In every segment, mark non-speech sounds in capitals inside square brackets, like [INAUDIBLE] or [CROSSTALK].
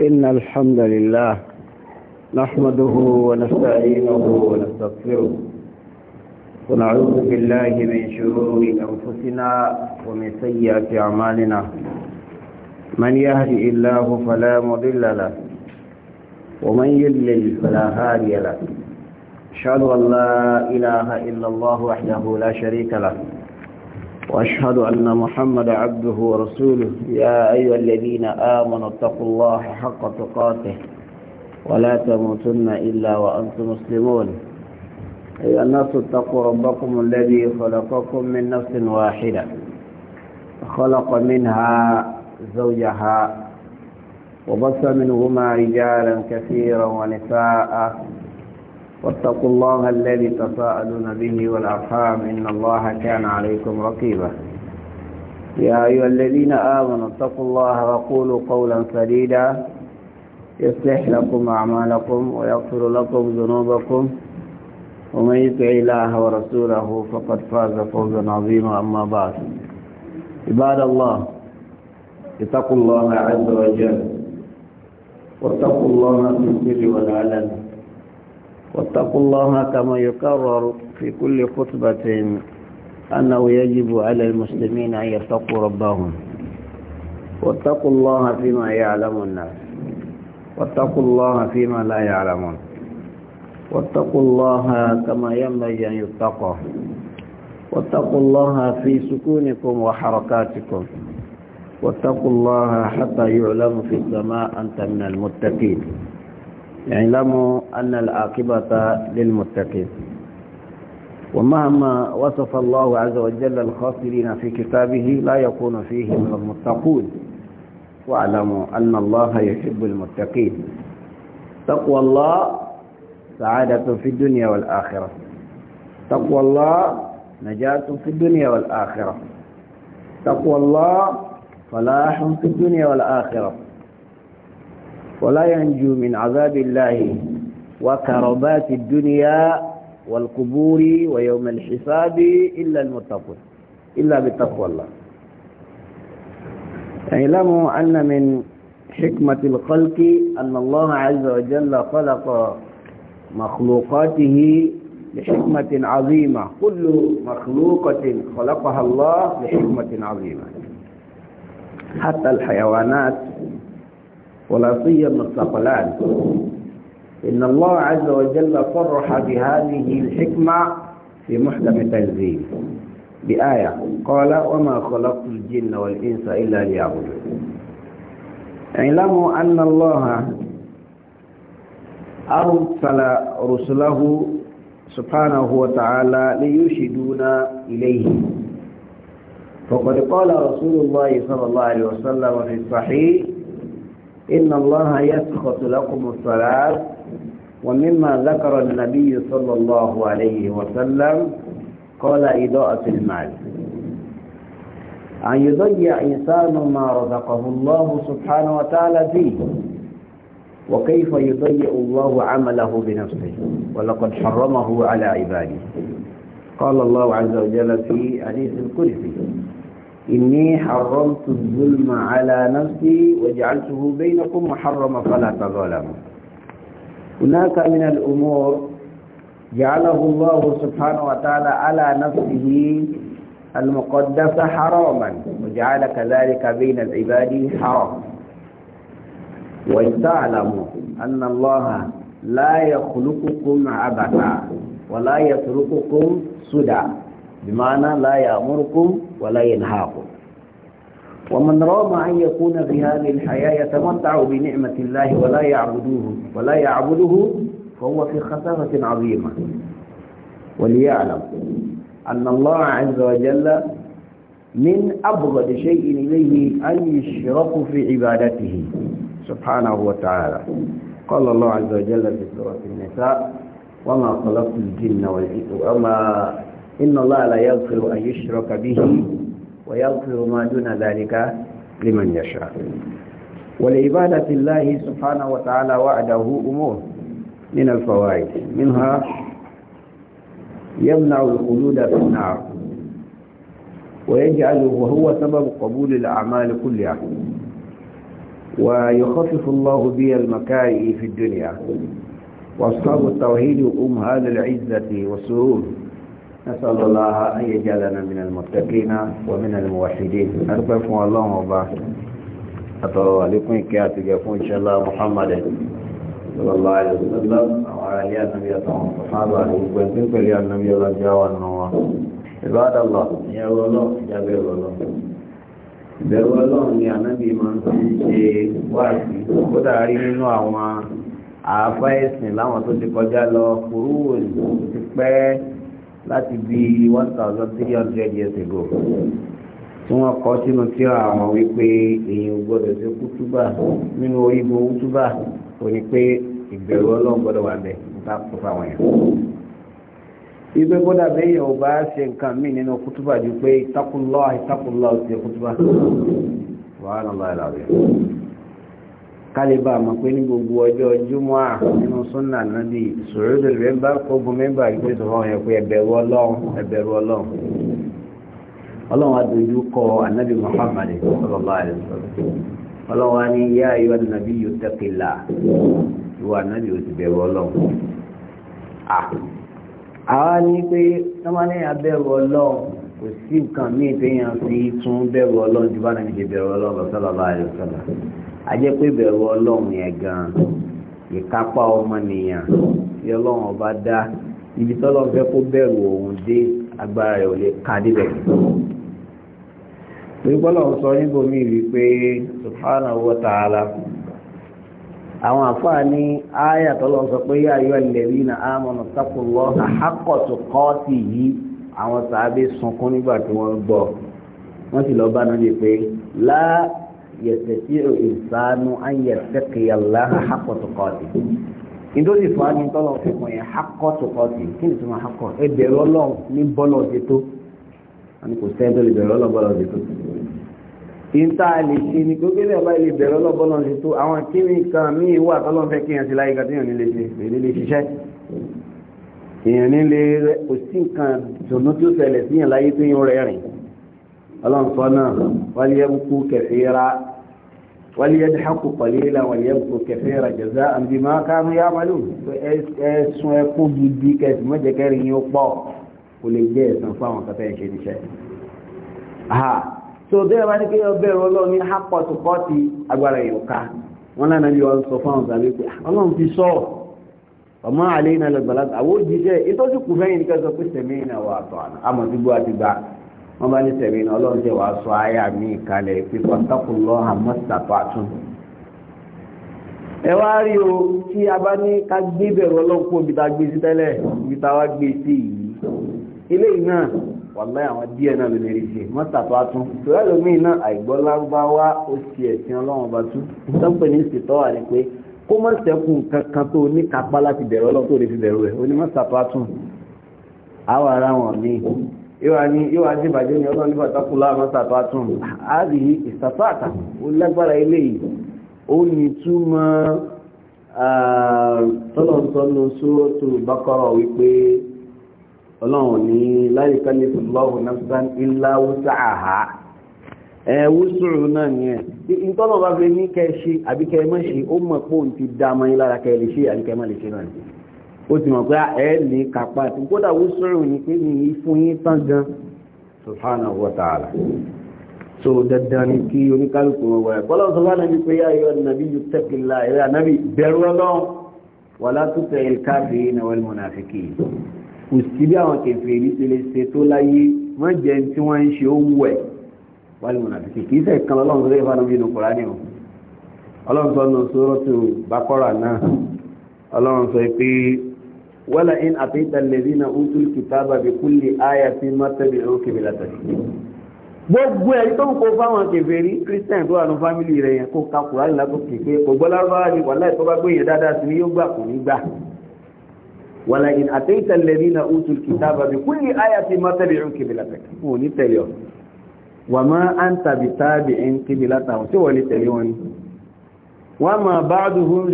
إن الحمد لله نحمده ونستعينه ونستغفره ونعوذ بالله من شرور أنفسنا ومن سيئات أعمالنا من يهدي الله فلا مضل له ومن يضلل فلا هادي له أشهد أن لا إله إلا الله وحده لا شريك له وأشهد أن محمد عبده ورسوله يا أيها الذين آمنوا اتقوا الله حق تقاته ولا تموتن إلا وأنتم مسلمون أيها الناس اتقوا ربكم الذي خلقكم من نفس واحدة خلق منها زوجها وبث منهما رجالا كثيرا ونساء واتقوا الله الذي تساءلون به والأرحام إن الله كان عليكم رقيبا يا أيها الذين آمنوا اتقوا الله وقولوا قولا سديدا يصلح لكم أعمالكم ويغفر لكم ذنوبكم ومن يطع الله ورسوله فقد فاز فوزا عظيما أما بعد عباد الله اتقوا الله عز وجل واتقوا الله في السر والعلن واتقوا الله كما يكرر في كل خطبة أنه يجب على المسلمين أن يتقوا ربهم واتقوا الله فيما يعلم الناس واتقوا الله فيما لا يعلمون واتقوا الله كما ينبغي أن يتقوا واتقوا الله في سكونكم وحركاتكم واتقوا الله حتى يعلم في السماء أنت من المتقين اعلموا أن العاقبة للمتقين ومهما وصف الله عز وجل الخاسرين في كتابه لا يكون فيه من المتقون واعلموا أن الله يحب المتقين تقوى الله سعادة في الدنيا والآخرة تقوى الله نجاة في الدنيا والآخرة تقوى الله فلاح في الدنيا والآخرة ولا ينجو من عذاب الله وكربات الدنيا والقبور ويوم الحساب إلا المتقون إلا بتقوى الله اعلموا أن من حكمة الخلق أن الله عز وجل خلق مخلوقاته لحكمة عظيمة كل مخلوقة خلقها الله لحكمة عظيمة حتى الحيوانات ولا سيما الثقلان إن الله عز وجل صرح بهذه الحكمة في محكم تنزيل بآية قال وما خلقت الجن والإنس إلا ليعبدون اعلموا أن الله أرسل رسله سبحانه وتعالى ليشهدون إليه فقد قال رسول الله صلى الله عليه وسلم في الصحيح إن الله يسخط لكم الصلاة ومما ذكر النبي صلى الله عليه وسلم قال إضاءة المال أن يضيع إنسان ما رزقه الله سبحانه وتعالى فيه وكيف يضيع الله عمله بنفسه ولقد حرمه على عباده قال الله عز وجل في حديث الكرسي إني حرمت الظلم على نفسي وجعلته بينكم محرما فلا تظلموا هناك من الأمور جعله الله سبحانه وتعالى على نفسه المقدسة حراما وجعل كذلك بين العباد حرام ولتعلموا أن الله لا يخلقكم عبثا ولا يترككم سدى بمعنى لا يأمركم ولا ينهاكم ومن رام أن يكون في هذه الحياة يتمتع بنعمة الله ولا يعبدوه ولا يعبده فهو في خسارة عظيمة وليعلم أن الله عز وجل من أبغض شيء إليه أن يشرك في عبادته سبحانه وتعالى قال الله عز وجل في سورة النساء وما خلقت الجن والإنس وما إن الله لا يغفر أن يشرك به ويغفر ما دون ذلك لمن يشاء ولعبادة الله سبحانه وتعالى وعده أمور من الفوائد منها يمنع الخلود في النار ويجعل وهو سبب قبول الأعمال كلها ويخفف الله به المكاره في الدنيا وأصحاب التوحيد أم هذا العزة والسرور نسأل الله أن يجعلنا من المتقين ومن الموحدين أربكم الله وبا أتروا عليكم كاتب يكون إن شاء الله محمد صلى الله عليه وسلم وعلى النبي أطعم الصحابة وبنتك لي النبي الله جاوى النوى عباد الله يا الله يا بير الله ìbẹ̀rù ọlọ́run ni ànábì máa ń fi ṣe wáàsí kódà rí nínú àwọn àáfáà ẹ̀sìn láwọn tó ti kọjá lọ kúrú òní ti pẹ́ láti bí one thousand three hundred years ago tí wọ́n kọ sínú tírà àwọn wípé èèyàn gbọ́dọ̀ ṣe kútúbà nínú orígun kútúbà ò ní pé ìbẹ̀rù ọlọ́run gbọ́dọ̀ wà bẹ̀ nípa kó fáwọn èèyàn. ìgbé gbọ́dọ̀ bẹ́yẹ̀ ò bá ṣe nǹkan míì nínú kútúbà ju pé ìtakùnlọ́ àìtakùnlọ́ ti kútúbà wàhálà ńlá ìlàwẹ̀. kaliba mọ̀ pé ní gbogbo ọjọ́ júmọ́ à nínú súnà náàbì sòrúdò rẹ̀ bá kógun mẹ́bà ìgbé sọ̀rọ̀ yẹn ẹ̀bẹ̀rù ọlọ́run ẹ̀bẹ̀rù ọlọ́run ọlọ́run adójú kọ Muhammad ọlọ́run á ní yá ayọ́ yóò ìwọ yóò ti bẹ̀rù ọlọ́run àwa ní pé ajẹ́ pé bẹ̀rù ọlọ́run yẹn gan-an ìkápá ọmọnìyàn tí ọlọ́run ọba dá ibi tọ́lọ́run fẹ́ kó bẹ̀rù òun dé agbára rẹ̀ ò lè ka débẹ̀. torí bọ́lá ń sọ níbòmí wípé subhanahu wa ta'ala àwọn àfáà ní ááyà tọ́lọ́ sọ pé yá ayọ́ na ámọ̀nà sápòlọ́ àhákọ̀tù kọ́ọ̀tì yìí àwọn sàábé sunkún nígbà tí wọ́n gbọ́ wọ́n sì lọ bá náà pé láà yẹ̀tẹ̀síò ìsánú ayẹ̀tẹ̀kẹ̀yà lára hakọ̀tùkọ̀tì ìdóòlì fún àmì tọ́lọ̀ fífún yẹn hakọ̀tùkọ̀tì kí ni túnmọ̀ hakọ̀ ẹbẹ̀rẹ̀ ọlọ́run ní bọ́lọ̀ ti tó àmì kò sẹ́ńtọ́ lè bẹ̀rẹ̀ ọlọ́run bọ́lọ̀ ti tó ìta lè ṣe ni gbogbo ilé ọba ilé bẹ̀rẹ̀ ọlọ́run bọ́lọ̀ ti tó àwọn kíni kan míì wà tọ́lọ̀ fẹ́ kí yẹn ti láyé kàtí yẹn nílé ṣiṣẹ́ èèyàn nílé kò sí nǹkan ìdùnnú tí ó ṣẹlẹ̀ sí yẹn láyé tó yẹn ọlọ́nsọ́nà wàlíyẹ́bùkú kẹfìrà wàlíyẹ́dìhákù kọ̀lélà wàlíyẹ́bùkú kẹfìrà jẹ́zá àǹdí máa kánú yá malú ẹ̀sùn ẹkú gidi kẹsì mọ́jẹ̀kẹ́rin yóò pọ̀ kò lè jẹ́ ẹ̀sán fún àwọn kẹfẹ́ ìṣe níṣẹ́ so bẹ́ẹ̀ bá ní kí ọbẹ̀ ọlọ́run ní hápọ̀tù pọ́ọ̀tì agbára ìyọ̀ká wọn lánàá ní wọn sọ fún àwọn tàbí pé ah, ọlọ́run ọmọ àlẹ́ iná lọ́gbàlá àwọn òjijì ìtọ́jú kù fẹ́yìn ní kẹ́sọ̀ pé sẹ̀mí ìnáwó àtọ̀ àmọ̀ tí gbọ́ àti gbà wọ́n bá ní tẹ̀lé ní ọlọ́run tẹ̀ wàá sọ ayé mi kalẹ̀ pé pàtàkùnlọ́ àmọ́sàtọ̀ àtún. ẹ wá rí o tí a bá ní ká gbé bẹ̀rù ọlọ́run kó ibi tá a gbé sí tẹ́lẹ̀ ibi tá a wá gbé sí yìí eléyìí náà wàlá àwọn díẹ̀ náà lè rí ṣe mọ́sàtọ̀ àtún. ìṣòro ẹlòmíín náà àìgbọ́ lárúbáwá ó ẹ̀sìn ọlọ́run ọba tú sọ́pẹ́ ní ìsìtọ́ wà ní pé kó mọ̀ sẹ́kùn kankan tó ní kápá láti bẹ̀rù ọlọ́run tó lè fi bẹ̀rù rẹ̀ ó ní mọ́sàtọ̀ àtún. àwọn ará wọn ní ìwà ni ìwà sí ìbàjẹ́ ni ọlọ́run nígbà tákù láàmọ́ sàtọ́ àtún àárí ìsàfáàtà ó lágbára ilé yìí ó ní túmọ̀ tọ́lọ̀tọ́lọ̀ sóòtù bákọ́rọ̀ wípé ọlọ́run ní láyé kálífù lọ́wọ́ náà ilá wúsà àhá ni ẹ tọ́lọ̀ bá fi ní kẹ́ ṣe àbíkẹ́ mọ́ ṣe ó mọ̀ pé òun ti dá mọ́ yín lára kẹ́ lè ó ti mọ̀ pé ẹ lè kápá àti kódà ó sọ̀rọ̀ ní pé ní ìfún yín tán gan subhanahu wa ta'ala so dandan ni kí oníkálukú wọn wọ̀rẹ̀ kọ́lọ́ sọ fún ẹni pé yá yọ nàbí yóò tẹ́kì lá ẹ̀rẹ́ ànábì bẹ̀rù ọlọ́run wà látúntẹ̀ ìkáfẹ́ iná wal munafiqin kò sí bí àwọn kẹfẹ́ èyí ti lè ṣe tó láyé wọ́n jẹ́ tí wọ́n ń ṣe ó wù ẹ̀ wal munafiqin kì í sẹ́ kan ọlọ́run tó wala in atita alladhina utul kitaba bi kulli ayatin mattabi'u qibla tashkil gbogbo ẹ̀ tó ń kó fáwọn kèfèrí christian tó wà ní fámìlì rẹ̀ yẹn kó ka kùránì lágòkè pé kò gbọ́ lárúbáwá ni wàhálà ìtọ́ bá gbé yẹn dáadáa sí ni yóò gbà kò ní gbà wala in atita alladhina utul kitaba bi kulli ayatin mattabi'u qibla tashkil kò ní tẹ̀lé ọ wà má anta bitabi'in qibla tashkil tí wọ́n lè tẹ̀lé wọn ni wọ́n máa ba'duhum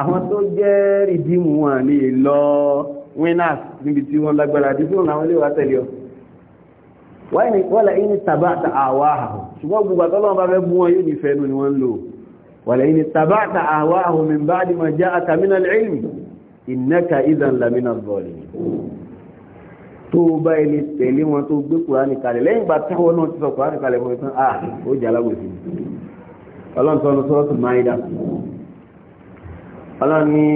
àwọn tó jẹ́ rìdíìmù wọn ní lọ winners níbi tí wọ́n lágbára àti tí wọ́n náà lè wá tẹ̀lé ọ wọ́n lẹ́yìn ní tàbátà àwáhù ṣùgbọ́n gbogbo àtọ́lọ́wọ́n bá fẹ́ bú wọn yóò ní fẹ́nu ni wọ́n ń lò wọ́n lẹ́yìn ní tàbátà àwáhù min ba'di ma ja'aka mina al-'ilm innaka idhan lamina adh-dhalimin tó bá ilé tẹ̀lé wọn tó gbé kùránì kalẹ̀ lẹ́yìn ọlọ́ni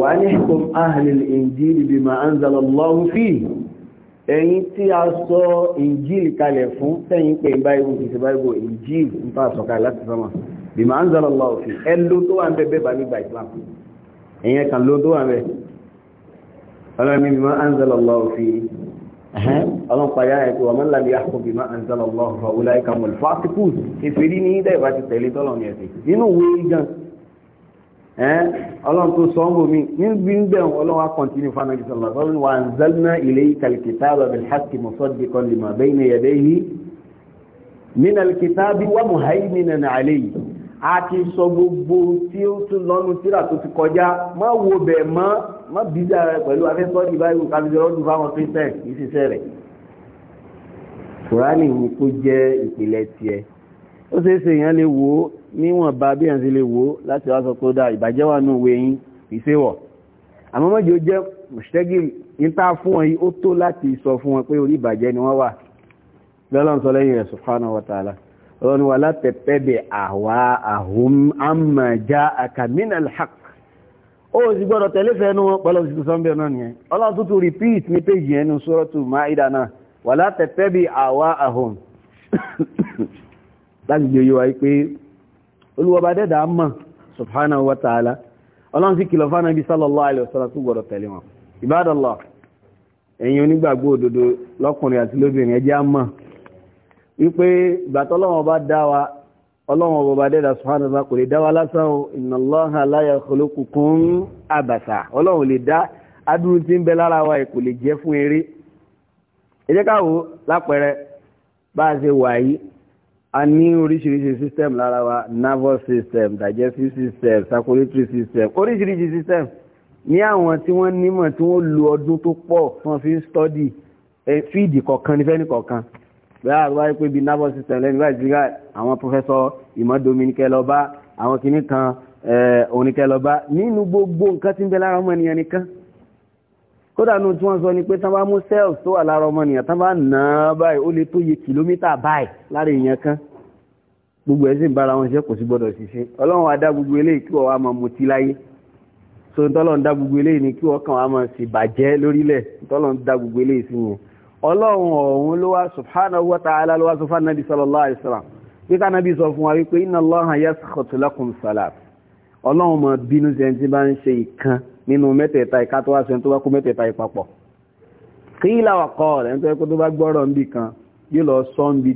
wà ní hukum ahlil injili bima anzala Allahu fihi ẹ̀yin tí a sọ injili kalẹ̀ fún tẹ́yìn pé báyìí kìí báyìí injili ń tà sọ̀kà láti sọ́mà bima anzala Allahu fihi ẹlú tó wà ń bẹ̀ bẹ́ẹ̀ bá nígbà tó wà ń bẹ̀ ọlọ́ni ọlọ́n pàyà ẹ̀kọ́ ọmọ ńlá bíi àkọ́bí máa ń sọ́lọ́ lọ́wọ́ fún ọ̀wọ́lá ẹ̀ka mọ̀lẹ́ fásitìpùs ìfèrí ní ìdá ìwà ti tẹ̀lé tọ́lọ̀ ní ẹ̀sìn nínú òwe gan ọlọ́n tó sọ ọmọ mi níbi ń bẹ̀rù ọlọ́n wa kọ́ntínú fanabi sọ̀rọ̀ sọ́run wa ń zẹ́lná ilé kàlìkìtà lọ́bìl hàkì mọ̀sọ́dì kan lè máa bẹ́yìn ẹ̀yẹ́dẹ́ má bí dára pẹ̀lú afẹ́sọ́ ní báyìí kábíyọ ọdún fáwọn christian kì í ṣiṣẹ́ rẹ̀ kùránì ni kó jẹ́ ìpìlẹ̀ tiẹ̀ ó ṣeé ṣe èèyàn lè wò ó níwọ̀nba bí èèyàn ṣe lè wò ó láti wá sọ pé ó dá ìbàjẹ́ wà nù wẹ̀yìn ìṣèwọ̀ àmọ́ mọ́jọ jẹ́ mùsítẹ́gìl níta fún wọn yìí ó tó láti sọ fún wọn pé orí ìbàjẹ́ ni wọ́n wà lọ́lọ́n sọ lẹ́yìn rẹ̀ subhanahu wa ta'ala wà látẹ̀pẹ́ bẹ̀ àwa àhùn àmàjá àkàmínà alhaq ó sì gbọ́dọ̀ tẹ̀lé fẹ́nu wọn pẹ̀lú òsìkú sọ́nbẹ̀ náà tó repeat ní péjì ẹnu sọ́rọ́tù máìdá náà wà látẹ̀tẹ́ bí àwa àhùn láti gbé yíwa pé olúwọba dẹ́dà mọ̀ subhanahu wa ta'ala sallallahu ọlọ́run ọba dẹ́dà subhanahu wa ta'ala kò lè dá wa lásán o inna Allaha la yakhluqukum abasa ọlọ́run lè dá adúrú tí ń bẹ lára wa kò lè jẹ́ fún eré ẹ jẹ́ ká wò lápẹẹrẹ bá a ṣe wà yìí a ní oríṣiríṣi system lára wa nervous system digestive system circulatory system oríṣiríṣi system ní àwọn tí wọ́n nímọ̀ tí wọ́n lo ọdún tó pọ̀ tí fi ń study eh, fíìdì kọ̀ọ̀kan nífẹ̀ẹ́ nìkọ̀ọ̀kan bẹ́ẹ̀ àgbà wípé ibi nervous system lẹ́nu báyìí ti rí àwọn pọ́fẹ́sọ ìmọ̀domi ní kẹlọ àwọn kìíní kan eh, oníkẹ lọ nínú gbogbo nǹkan tí ń bẹ lára ọmọnìyàn nìkan kódà nù tí wọ́n sọ ni pé tán bá mú cells tó wà lára ọmọnìyàn tán bá náà báyìí ó lè tó yẹ kìlómítà báyìí lára èèyàn kan gbogbo ẹ̀ sì ń bára wọn ṣe kò sí gbọdọ̀ ṣiṣẹ́ ọlọ́run wa dá gbogbo eléyìí kí wọ́n wá máa mutí ọlọ́run ọ̀hún ló wá subhanahu wa ta'ala ló wá sọ fún nàbí sallallahu alaihi wasallam bí ká nàbí sọ fún wa wípé inna Allaha yaskhatu lakum salat ọlọ́run mọ̀ bínú sẹ́ni tí bá ń ṣe ìkan nínú mẹ́tẹ̀ẹ̀ta ìka tó wá sẹ́ni tó bá kó mẹ́tẹ̀ẹ̀ta ìpapọ̀ kí ìlàwà kọ́ rẹ̀ ń tọ́ pé tó bá gbọ́rọ̀ níbì kan yóò lọ sọ níbi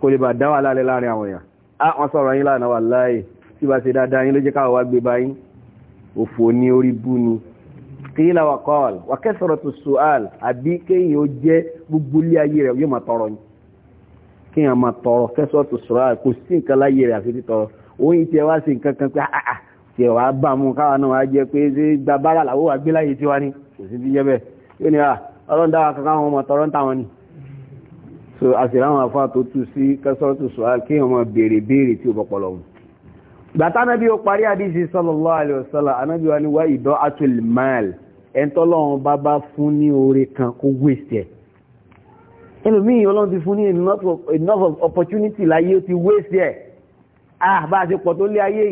kò lè bà dá lálẹ́ láàrin àwọn èèyàn á wọn sọ̀rọ̀ wà láàyè tí bá ṣe dáadáa yín ló jẹ́ káwọ́ gbé báyìí òfò ní orí bú ni qila wa qal wa kathratu su'al àbí kéèyàn ó jẹ́ gbogbo ilé ayé rẹ̀ yóò máa tọrọ ni kéèyàn máa tọrọ kathratu su'al kò sí nǹkan láyé rẹ̀ àfi títọrọ òun tiẹ̀ wá sí nǹkan kan pé àà ah, ah, ah, tiẹ̀ wá bá mú káwa náà wá jẹ́ pé ṣé gba bára làwọ́ wá gbé láyé tiwa ni kò sí ti jẹ́ bẹ́ẹ̀ yóò ní à ọlọ́run dáwà kankan àwọn ọmọ tọrọ ń ni so àṣírí àwọn afá tó tú sí kathratu su'al kéèyàn máa béèrè béèrè tí ò bọ́pọ̀lọ́ wọn gbàtánàbí ó parí àdíṣe sallallahu alaihi wasallam anábíwá ní wá ìdọ́ atul mal ẹ̀ntọ́lọ́run bá bá fún ní oore kan kó wéṣì ẹ̀ ẹlòmíì ọlọ́run ti fún ní enough of opportunity láyé ó ti wéṣì ẹ̀ ah bá a ṣe pọ̀ tó lé ayé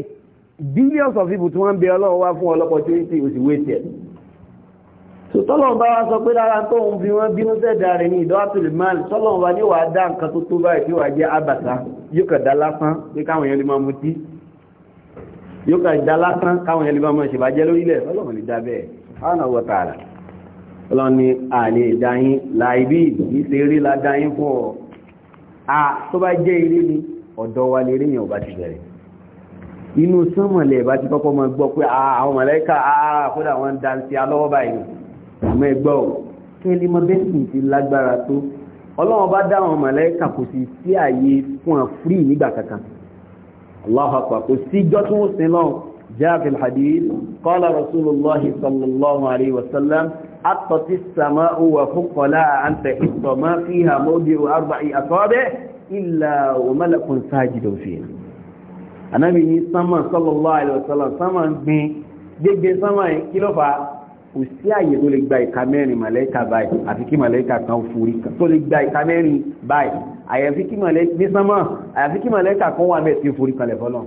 billions of people tí wọ́n ń bẹ ọlọ́run wá fún opportunity ó sì wéṣì ẹ̀ tọ́lọ́run bá wá sọ pé lára tó ń fi wọ́n bínú sẹ́dá rẹ̀ ní ìdọ́wàtòlè máa tọ́lọ́run bá ní wàá dá nǹkan tó tó báyìí tí wàá jẹ́ àbàtà yóò kà dá lásán pé káwọn èèyàn lè máa mutí yóò kà dá lásán káwọn èèyàn lè máa ṣèbàjẹ́ lórílẹ̀ tọ́lọ́run lè dá bẹ́ẹ̀ subhanahu wa ta'ala ọlọ́ni àlè ìdáyín láìbí ìlérí ládáyín fún ọ a tó bá jẹ́ eré ni ọ̀dọ̀ wa lè rí yẹn ò bá ti bẹ̀rẹ̀ inú sánmọ̀lẹ̀ bá ti kọ́kọ́ máa gbọ́ pé àwọn mọ̀lẹ́kà àkódà wọn ń dáńtí alọ́wọ́ báyìí àmọ́ ẹgbọ́ ò kẹ́lí mọ bẹ́sìn ti lágbára tó ọlọ́run bá dá àwọn mọ̀lẹ́kà kò sì sí àyè fún àfúrì جاء في الحديث قال رسول الله صلى الله عليه وسلم حطت السماء وفق لا أن تحط ما فيها موضع أربع أصابع إلا وملك ساجد فيها Ànábì ní sánmà sallallahu alaihi wasallam sánmà ń gbin gbígbé sánmà yìí kí ló fà kò sí àyè tó lè gba ìka mẹ́rin màlẹ́kà báyìí àfi kí màlẹ́kà kan forí tó lè gba ìka mẹ́rin báyìí àyàfi kí màlẹ́kà kan wà mẹ́ tí forí kalẹ̀ fọ́lọ́run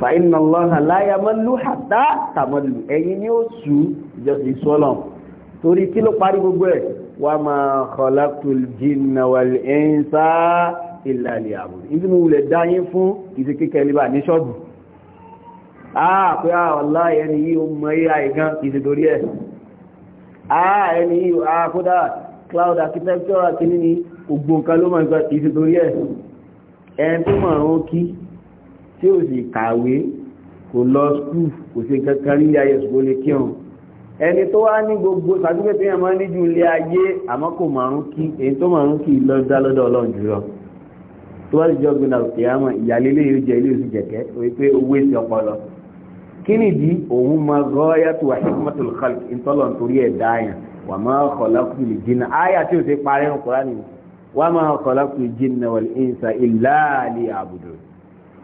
fàínà lọ́nà láyà mọ́lú àtà tàmọ́lù ẹ̀yìn ni ó sú ìṣọ́lọ̀ torí kí ló parí gbogbo ẹ̀ wà máa khalaqtul jinna wal insa illa liya'budun ìdí mú wulẹ̀ dáyín fún ìdí kíkẹ́ níbà ní ṣọ́ọ̀bù àpé ah, àwọ̀lá ah, ẹni yìí ó mọ ai gan ìdí torí ẹ̀ ah, ẹni yìí àkódà cloud ni gbogbo nǹkan ló mọ̀ nǹkan ìdí torí ẹ̀ tó mọ̀ ọ́n kí tí ó sì kàwé kò lọ skúù kò sí kankan rí ayé ṣùgbọ́n lè kírun ẹni tó wá ní gbogbo sàdúgbẹ́ tí yẹn máa ń níjú ilé ayé àmọ́ kò márùn kí èyí tó márùn kí lọ́dá lọ́dọ̀ ọlọ́run jùlọ tó wá sì jọ gbìnà òkè àmọ́ ìyàlélé yóò jẹ ilé oṣù jẹ̀kẹ́ wípé owó èsì ọpọlọ kí nìdí òun máa gọ́ yàtọ̀ hikmatul khalq ìtọ́lọ̀ nítorí ẹ̀ dáyàn wà máa khalaqtu lil jinna áyà tí ò sí parí ń wà máa khalaqtu lil jinna wal insa illa liya'budun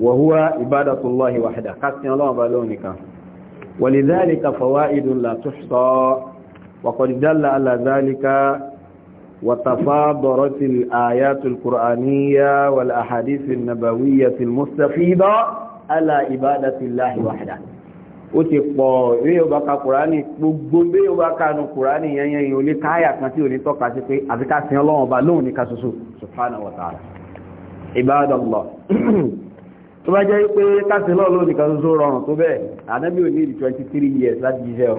وهو عبادة الله وحده قسم الله بالونك ولذلك فوائد لا تحصى وقد دل على ذلك وتفاضلت الآيات القرآنية والأحاديث النبوية المستفيضة على عبادة الله وحده ó ti pọ̀ bí o bá ka kùránì gbogbo bí o bá nu kùránì yẹnyẹn yìí o lè káyà kan tí o ní tọ́ka sí pé àfikà sí ọlọ́run ọba lóhun ní ká ṣoṣo subhanahu wa ta'ala ibadallah [CLEARS THROAT] tó bá jẹ́ pé káṣí náà ló nìkan tó rọrùn tó bẹ́ẹ̀ ànábì ò ní ìdí twenty three years láti jíṣẹ́ o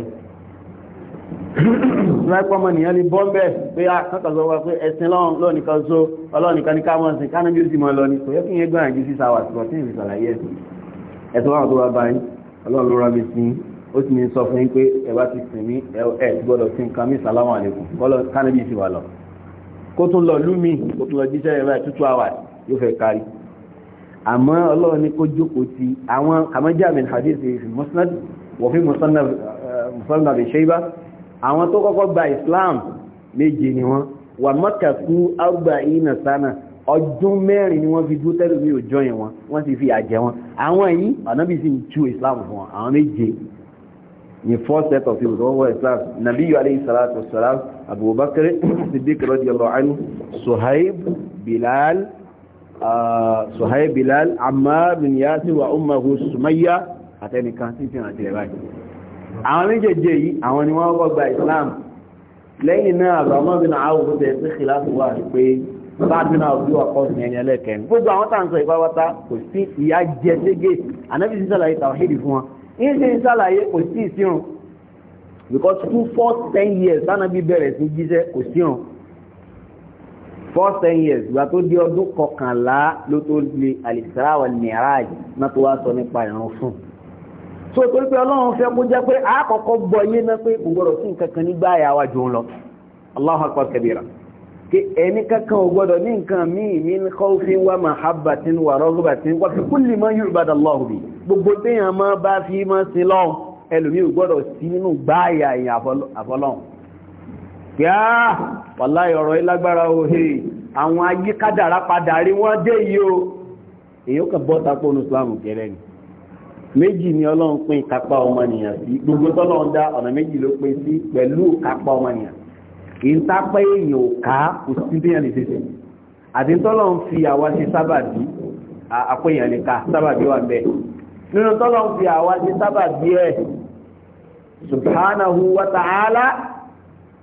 láìpọ́ ọmọ nìyàn ní bọ́m̀bẹ̀ pé àkọ́kọ̀ọ́ wá pé ah, ẹ̀sìn lọ́nìkan so ọlọ́nìkan ní kámọ́sì kánábí ó sì mọ́ lọ ní kò yẹ kí yẹn gbọ́nà jí sí sáwà sí ọtí ìrìn sàlàyé ẹ̀sìn ẹ̀tọ́ wà tó wá báyìí ọlọ́run ló rán mi sí ó sì ní sọ fún yín pé ẹ bá ti sìn mí ẹ gbọ́dọ̀ sí nǹkan mí sàlámù àlékún kọ́lọ́ kánábí sì wà lọ kó tún lọ lú mi kó tún lọ jíṣẹ́ ẹ̀ báyìí tútù àwà yóò fẹ́ kárí àmọ́ ọlọ́run ní kó jókòó ti àwọn kàmọ́jáàmì hadithi musnad wọ̀fí musnad eh, bin shayba àwọn tó kọ́kọ́ gba islam méje ni wọ́n wà mọ́kà fún arba ina sana ọdún mẹ́rin ni wọ́n fi dúró tẹ́lú mi ò jọyìn wọn wọ́n sì fi àjẹ wọn àwọn yìí ànábì sì ń tú islam fún wọn àwọn méje ni first set of people wọ́n wọ islam nabiyu alayhi salatu wasalam abubakar siddiq radiyallahu anhu suhaib bilal Ah, Suhaib Bilal Ammar bin Yasir wa ummuhu Sumayya àtẹnìkan tí ti rántí rẹ̀ báyìí àwọn méjèèjì yìí àwọn ni wọ́n gbọ́gba Islam lẹ́yìn náà Abdurrahman bin Awf bẹ̀ sí khilafu wà pé sáàdùn náà bí wàá kọ́sùn ẹni ẹlẹ́kẹ̀ẹ́ gbogbo àwọn tá à ń sọ ìpáwátá kò sí ìyá because two four ten years tánàbí bẹ̀rẹ̀ sí jíṣẹ́ kò before ten years ìgbà tó di ọdún kọkànlá ló tó lè al-Isra wal-Mi'raj náà tó wá sọ nípa ìrun fún so torí pé ọlọ́run fẹ́ kó jẹ́ pé àkọ́kọ́ gbọ́ yé náà pé kò gbọ́dọ̀ sí nǹkan kan nígbà àyàwó àjò ń lọ Allahu akbar kabira kí ẹni kankan ò gbọ́dọ̀ ní nǹkan míì min khawfin wa mahabbatin wa ragbatin wa fi kulli ma yu'badu Allahu bi gbogbo téèyàn máa bá fi máa sin lọ́hùn ẹlòmíì gbọ́dọ̀ sí nínú gbáàyà ìyàn pé áà ah, wàláhì ọ̀rọ̀ ilágbára òhè àwọn ayé kádàrá padà rí wọ́n dé yìí o èyí ó kàn bọ́ tapó ní islam gẹ́rẹ́ ni méjì ni ọlọ́run pín kápá ọmọnìyàn sí gbogbo tọ́lọ́run dá ọ̀nà méjì ló pín sí pẹ̀lú kápá ọmọnìyàn kì í tápẹ́ èèyàn ò ká kò sí bí èèyàn lè tètè àti tọ́lọ́run fi àwa sí sábàbí àpéyàn lè ká sábàbí wà bẹ́ẹ̀ nínú tọ́lọ́run fi àwa sí sábàbí ẹ̀ subhanahu wa ta'ala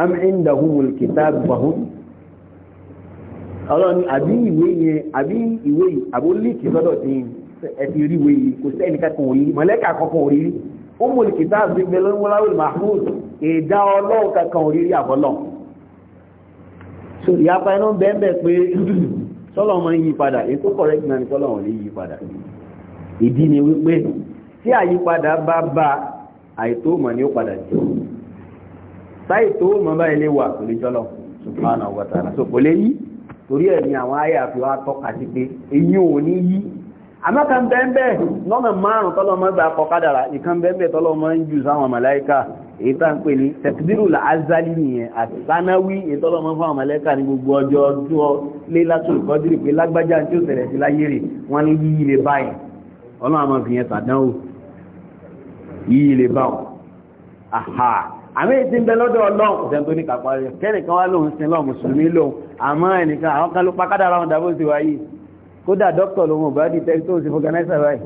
am indahumul kitab fahum ọlọ́ni àbí ìwé yẹn àbí ìwé yìí àbó líìkì sọ́dọ̀ tí ẹ ti rí ìwé yìí kò sẹ́ni kankan òrí mọ̀lẹ́kà kankan òrí umul kitab bí bẹ́ẹ̀ lọ́wọ́ láwùl mahmud ìdá ọlọ́run kankan òrí rí àbọ̀lọ́ so ìyapa iná bẹ́ẹ̀ pé [CLEARS THROAT] sọ́lọ́ máa ń yí padà táì tó mọ́ báyìí lè wà torí jọ́lọ̀ subhanahu wa ta'ala so kò lè yí torí ẹ̀ ni àwọn ayé àfi wá tọ́ka sí pé èyí ò ní yí àmọ́kà ń bẹ́ẹ̀ lọ́nà márùn tọ́lọ́ mọ́ gba kọkádàrà ìkan bẹ́ẹ̀ tọ́lọ́ mọ́ ń jù sáwọn màláíkà èyí tá ń pè ní tẹ̀kídírù làázálì nìyẹn àti sánáwí èyí tọ́lọ́ mọ́ fáwọn màláíkà ní gbogbo ọjọ́ ọdún lé látòlù kọ́dírì pé lágbájá tí ó tẹ̀lẹ̀ sí láyé rè wọ́n ní yíyí lè báyìí ọlọ́run àmọ́ fi yẹn tàdánwò yíyí lè báwọn aha àmì ìdí ń bẹ lọ́dọ̀ ọlọ́run kò sẹ́ni tó ní kápá rẹ̀ kẹ́nìkan wá lóhun sin lọ́hun mùsùlùmí lòun àmọ́ ẹnìkan àwọn kan ló pa kádàrà wọn dàbó sí wáyé kódà dókítà lòun ò bá di tẹ́kítọ́ òsì fọgànáìsà báyìí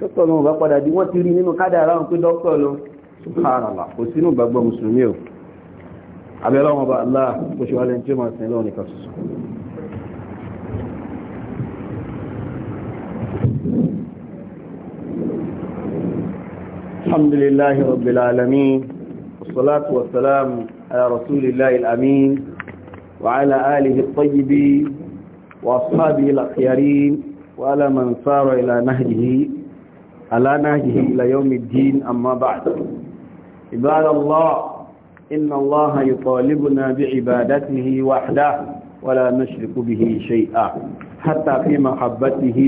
dókítà lòun ò bá padà di wọ́n ti rí nínú kádàrà wọn pé dókítà lòun subhanallah kò sínú o abẹ́lọ́wọ́n bá aláà kò ṣe wá lẹ́ni tí الحمد لله رب العالمين الصلاة والسلام على رسول الله الأمين وعلى آله الطيبين وأصحابه الأخيارين وعلى من سار إلى نهجه على نهجه إلى يوم الدين أما بعد عباد الله إن الله يطالبنا بعبادته وحده ولا نشرك به شيئا حتى في محبته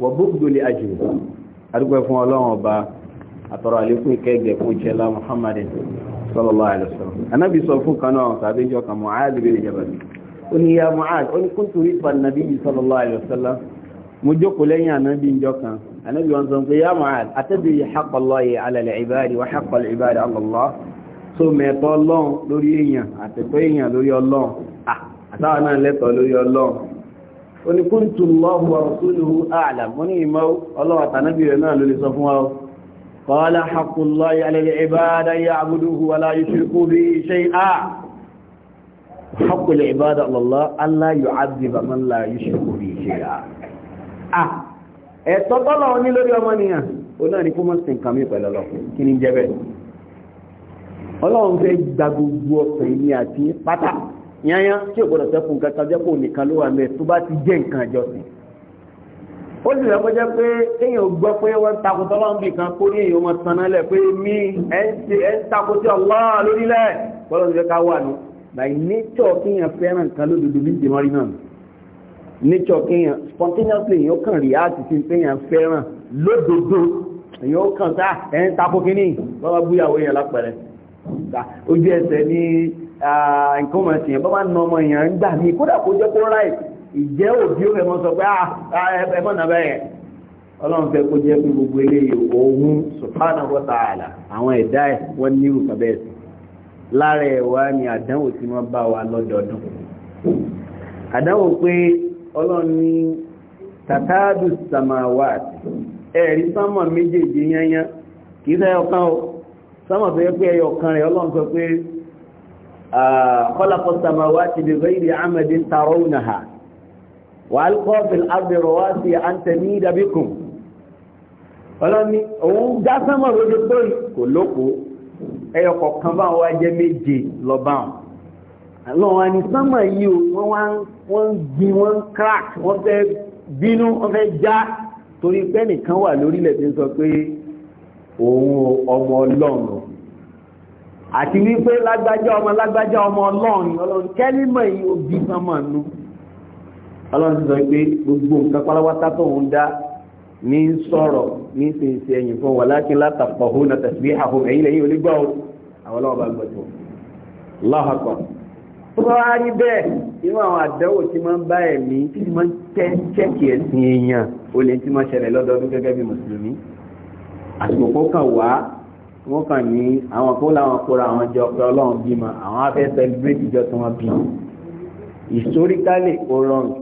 وبغض لأجله أرجو فون الله àtọ̀rọ̀ àlékún ìkẹ́gẹ̀ fún ìṣẹ́lá muhammadin sallallahu alaihi wasallam anábì sọ fún kan náà tàbí jọ kan mu'ad bin jabal ó ní ya mu'ad ó ní kuntu ridba nabi sallallahu alaihi wasallam mo jókòó lẹ́yìn anábì jọ kan anábì wọn sọ pé ya mu'ad atadri haqqa Allahi ala al-ibadi wa haqqa al-ibadi ala Allah so mẹ́tọ́ ọlọ́run lórí èèyàn àtẹ̀tọ́ èèyàn lórí ọlọ́run ah, قال حق الله على العباد أن يعبدوه ولا يشركوا به شيئا حق العباد على الله أن لا يعذب من لا يشرك به شيئا آه ẹ̀tọ́tọ́lọ̀ ní lórí ọmọnìyàn ó náà ní kó mọ́ sí nǹkan mí pẹ̀lú ọlọ́pù kí ní jẹ́bẹ̀ ọlọ́run fẹ́ gba gbogbo ọ̀sẹ̀ ní àti pátá yányán tí ò gbọ́dọ̀ sẹ́kùn kankan jẹ́kùn nìkan ló wà mẹ́ tó bá ti jẹ́ nǹkan àjọsìn ó sì lọ́pọ̀ jẹ́ pé kéèyàn gbọ́ pé wọ́n takòtọ́ lọ́n bì kan kó ní èyí ọmọ sanná lẹ̀ pé mi ẹ̀ ń takòtí Allah lórílẹ̀ bọ́lá ti fẹ́ ká wà nù by nature kéèyàn fẹ́ràn kan lódodo bí ìdè mọ́rí náà nature kéèyàn spontaneously èyàn kàn react sí kéèyàn fẹ́ràn lódodo èyàn kàn sá ẹ̀ ń takò kínní bọ́lá búyàwó èèyàn lápẹ̀rẹ̀ ojú ẹsẹ̀ ní ah, nǹkan ọmọ ẹ̀sìn yẹn bọ́ bá ọmọ ìjẹ́ òbí ó fẹ́ mọ́ sọ pé ah, ah, ẹ mọ́ nà bẹ́ẹ̀ ọlọ́run fẹ́ kó jẹ́ pé gbogbo eléyìí ohun subhanahu wa ta'ala àwọn ẹ̀dá ẹ̀ wọ́n ní irúfẹ́ bẹ́ẹ̀ sí lára ni àdánwò tí wọ́n bá wa lọ́dọọdún àdánwò pé ọlọ́run ní tàtàdù samawati ẹ̀rí sánmọ̀ méjèèjì ọ rẹ̀ wàálùkọ́ bìl abdìrọ̀ wá sí àǹtẹ̀ ní ìdàbíkùn ọlọ́ni òun dá sánmọ̀ lójú tó kò lóko ẹyọ kọ̀ọ̀kan bá wá jẹ́ méje lọ́bà lọ́wọ́ ni sánmọ̀ yìí o wọ́n ń gbin wọ́n ń crack wọ́n fẹ́ bínú wọ́n fẹ́ já torí pé nìkan wà lórílẹ̀ tí ń sọ pé òun ọmọ ọlọ́run àti wípé lágbájá ọmọ lágbájá ọmọ ọlọ́run ọlọ́run kẹ́límọ̀ yìí ó bí sánmọ̀ nù ọlọ́run ti sọ pé gbogbo nǹkan páláwátá tó ń dá ní sọ̀rọ̀ ní sèse ẹ̀yìn fún wa lákìn látàpọ̀ hó na tàbí àhó ẹ̀yìn lẹ́yìn onígbà o àwọn ọlọ́run bá gbọ̀ tó láhàkọ́. tó bá wá rí bẹ́ẹ̀ inú àwọn àdánwò tí máa ń bá ẹ̀mí tí máa ń tẹ́ chẹ́kì ẹ̀sìn èèyàn ó lè ti máa ṣẹlẹ̀ lọ́dọọdún gẹ́gẹ́ bí mùsùlùmí àsìkò kó wá wọ́n kàn ní àwọn kó láwọn kóra àwọn jọ pé ọlọ́run bímọ àwọn afẹ́ celebrate ìjọ tí wọ́n bí historically ó rọrùn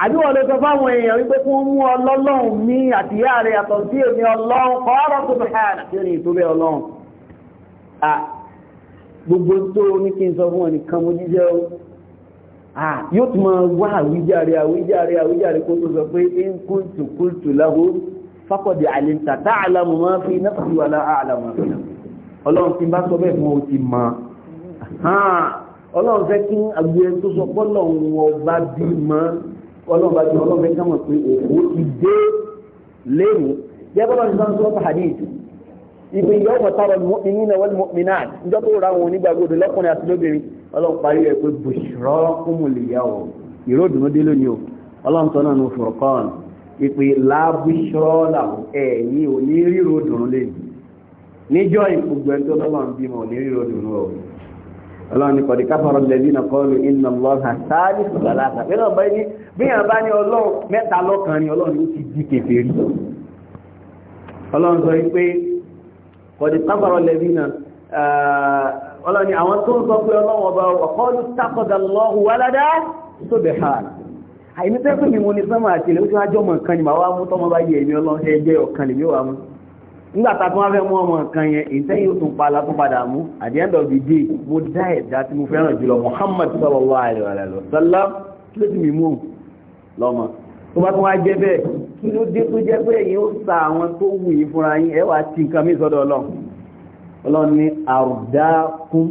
àbí wọ́n lè sọ fáwọn èèyàn wípé kún mú ọlọ́lọ́run mi àti ìyá rẹ̀ yàtọ̀ sí èmi ọlọ́run kọ́ọ̀rọ̀ tó bẹ̀ hànà tí ó ní ìtòbẹ̀ ọlọ́run gbogbo tó ní kí n sọ fún wọn nìkan mo jíjẹ́ o yóò tún máa wá àwíjàre àwíjàre àwíjàre kó tó sọ pé ń kúntù kúntù láhó fákọ̀dì àlìntà tá àlàmù máa fi náfàbí wà láà àlàmù àfihàn ọlọ́run ti bá sọ bẹ́ẹ̀ fún ọ ti mọ ọlọ́run fẹ́ kí agbóyẹ tó sọ pọ́lọ̀ wọn bá bí mọ́ ọlọ́run bá ti ọlọ́run bẹ́ẹ̀ kámọ̀ pé òkú ti dé ìyá ọmọ táwọn níjọ́ tó ra wọn lọ́kùnrin àti lóbìnrin ọlọ́run parí pé ìró ìdùnnú dé lónìí o ọlọ́run sọ náà lábùṣọ́ làwọn ẹ̀yìn bí yàn bá ní ọlọ́run mẹ́ta lọ́kan ni ọlọ́run ó ti di kèfèrí ọlọ́run sọ wípé kọ̀dí sábàrọ̀ lẹ́bí ọlọ́run ni àwọn tó ń sọ pé ọlọ́run ọba ọ̀kọ́lù sákọ̀dà lọ́hùn ni ni a ọmọ kan yẹn ìtẹ́yìn ó tún padà mú at the end of the day mo tí mo lọ́mọ tó bá tún wá jẹ́ bẹ́ẹ̀ kí ló dé tó jẹ́ pé èyí ó sa àwọn tó wù yí fúnra yín ẹ wá ti nǹkan mí sọ́dọ̀ ọlọ́run ọlọ́run ní àrùdákún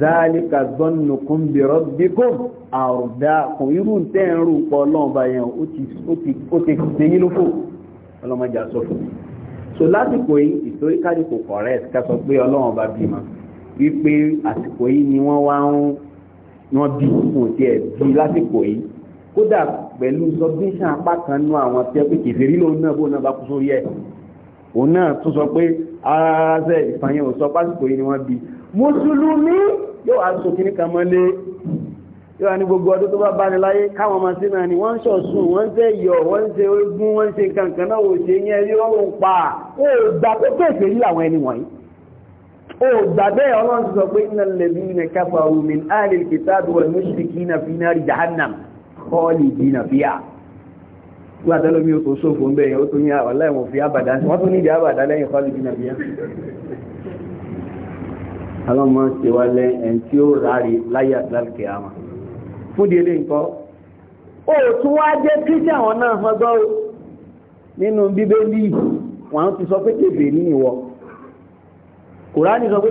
záàlìkà zọ́nùkún bi rabbikum àrùdákún irú tẹ́ ń rú pọ̀ ọlọ́run bá yẹn ó ti ṣe yín ni wọ́n wá ń wọ́n bí bí lásìkò yìí kódà pẹ̀lú submission apá kan nú àwọn tí ẹ pé kèfèrí lòun náà bó náà bá kú sórí ẹ̀ òun náà tún sọ pé ara ṣe ìfàyẹ̀ ò sọ pásìkò yìí ni wọ́n bí mùsùlùmí yóò wá sọ kíní kan mọ́lé yóò wá ní gbogbo ọdún tó bá bá ní láyé káwọn ọmọ sínú ni wọ́n ń ṣọ̀sùn wọ́n ń ṣe yọ̀ wọ́n ń ṣe ogun wọ́n ń ṣe kankan náà ò ṣe yẹn rí wọ́n ń pa ó gbà pé rí àwọn ẹni wọ̀nyí ó bẹ́ẹ̀ ọlọ́run ti sọ pé innal ladhina kafaru min ahlil kitabi wal mushrikina fi nari jahannam khalidina fiha wọ́n àtẹ́lómi ó tó sófò ń bẹ̀yẹn ó tó ní àwọ̀lá ẹ̀wọ̀n fi àbàdá wọ́n tó ní ìdí àbàdá lẹ́yìn khalidina fiha alọ́mọ ṣe wá lẹ́ ẹn tí ó ráre láyé àtìláàkẹ́ àmà fúdí ilé nǹkan ó tún wá jẹ́ kíṣẹ́ àwọn náà ọgbọ́ nínú bíbélì wọ́n ti sọ pé kèfèrí nìwọ kùránì sọ pé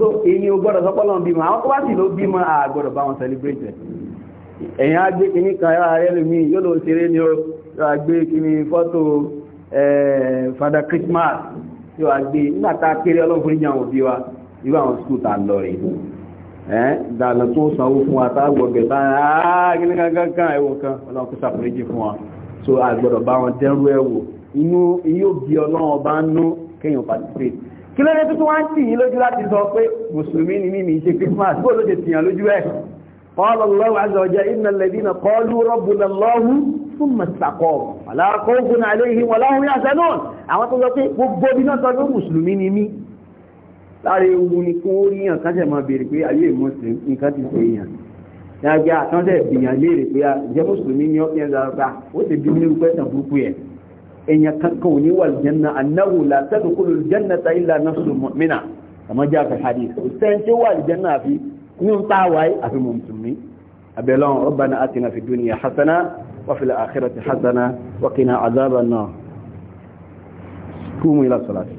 so èyàn gbọ́dọ̀ sọpọ́lọ̀ bímọ àwọn tó bá sì ló bímọ àgbọ́dọ̀ bá wọn celebrate èyàn agbé kìíní kan agbe rẹ̀ yóò lọ ṣeré ní agbé kìíní fọ́tò Father Christmas tí ó agbé nígbàtà kéré ọlọ́fún ìjà bí wa irú àwọn skul lọ rẹ̀ so a bá kí ló dé tó wá ń tì yín lójú láti sọ pé mùsùlùmí ni mímì ṣe Christmas bó ló ṣe tìyàn lójú ẹ̀ قال الله عز وجل إن الذين قالوا ربنا الله ثم استقاموا فلا خوف عليهم ولا هم يحزنون àwọn tó sọ pé gbogbo bí náà sọ pé mùsùlùmí ni mí láàrin ewu ni kí wọ́n rí yàn káṣẹ̀ máa béèrè pé ayé ìmọ̀sìn nǹkan ti ṣe èèyàn dájá àtúnṣe ìbìyàn léèrè pé jẹ́ mùsùlùmí ni ọ́pẹ́ ẹ̀dá ọ̀gá ó sì bí ní rúpẹ́ burúkú yẹn èèyàn kankan ò ní wà lùjẹ́nà annahu la tadkhulu al-jannata illa nafsun mu'mina àmọ́ jẹ́ àfẹ́ hadith kò sẹ́yìn tí ó wà lùjẹ́nà àfi ní ń táwa yìí àfi mùsùlùmí abẹ́lọ́n rabbana atina fi dunya hasana wa fil akhirati hasana wa qina adhaban nar qumu ila salati